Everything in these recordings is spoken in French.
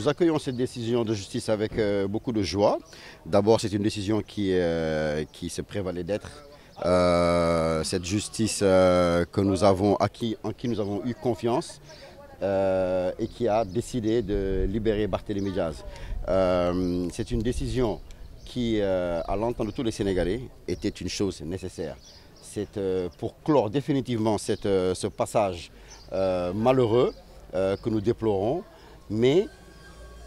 nous accueillons cette décision de justice avec euh, beaucoup de joie. D'abord, c'est une décision qui, euh, qui se prévalait d'être euh, cette justice que nous avons acquis, en qui nous avons eu confiance et qui a décidé de libérer Barthélémy Diaz. C'est une décision qui, à l'entente de tous les Sénégalais, était une chose nécessaire. C'est pour clore définitivement cette, ce passage malheureux que nous déplorons, mais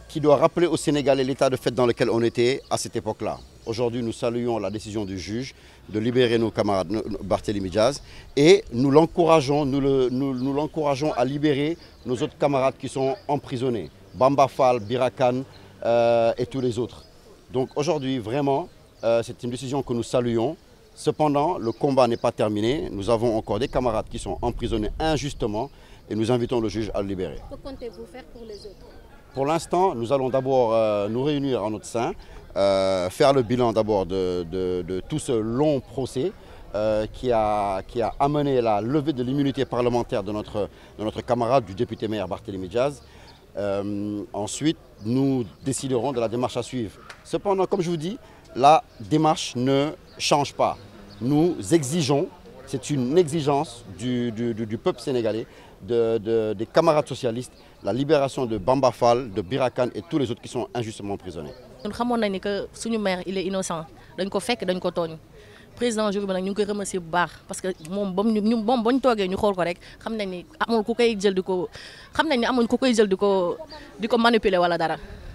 qui doit rappeler au Sénégalais l'état de fait dans lequel on était à cette époque-là. Aujourd'hui, nous saluons la décision du juge de libérer nos camarades Barthélémy Diaz et nous l'encourageons nous nous, à libérer nos autres camarades qui sont emprisonnés, Bamba Fall, Birakan euh, et tous les autres. Donc aujourd'hui, vraiment, euh, c'est une décision que nous saluons. Cependant, le combat n'est pas terminé. Nous avons encore des camarades qui sont emprisonnés injustement et nous invitons le juge à le libérer. Que comptez-vous faire pour les autres pour l'instant, nous allons d'abord euh, nous réunir en notre sein, euh, faire le bilan d'abord de, tout ce long procès euh, qui a, amené la levée de l'immunité parlementaire de notre, camarade, du député maire Barthélémy Diaz. ensuite, nous déciderons de la démarche à suivre. Cependant, comme je vous dis, la démarche ne change pas. Nous exigeons c'est une exigence du, du, du, du peuple sénégalais, de, de, des camarades socialistes, la libération de Bamba Fall, de Birakan et tous les autres qui sont injustement emprisonnés. Nous savons que notre maire il est innocent. Nous l'avons fait, nous l'avons président jour bi nag ñu ngi koy remercier bu baax parce que nous ba ñu moom Nous ñu ñu xol ko rek xam nañ ni amul ku koy jël diko xam nañ ni amul ku koy jël manipuler wala dara.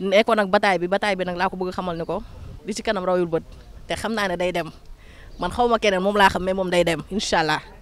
nekkoon nag bataay bi bataay bi nag laa ko bëgg xamal ni ko li ci kanam raw rawul bët te xam naa ne day dem man xaw ma keneen moom laa xam mais moom day dem incha allah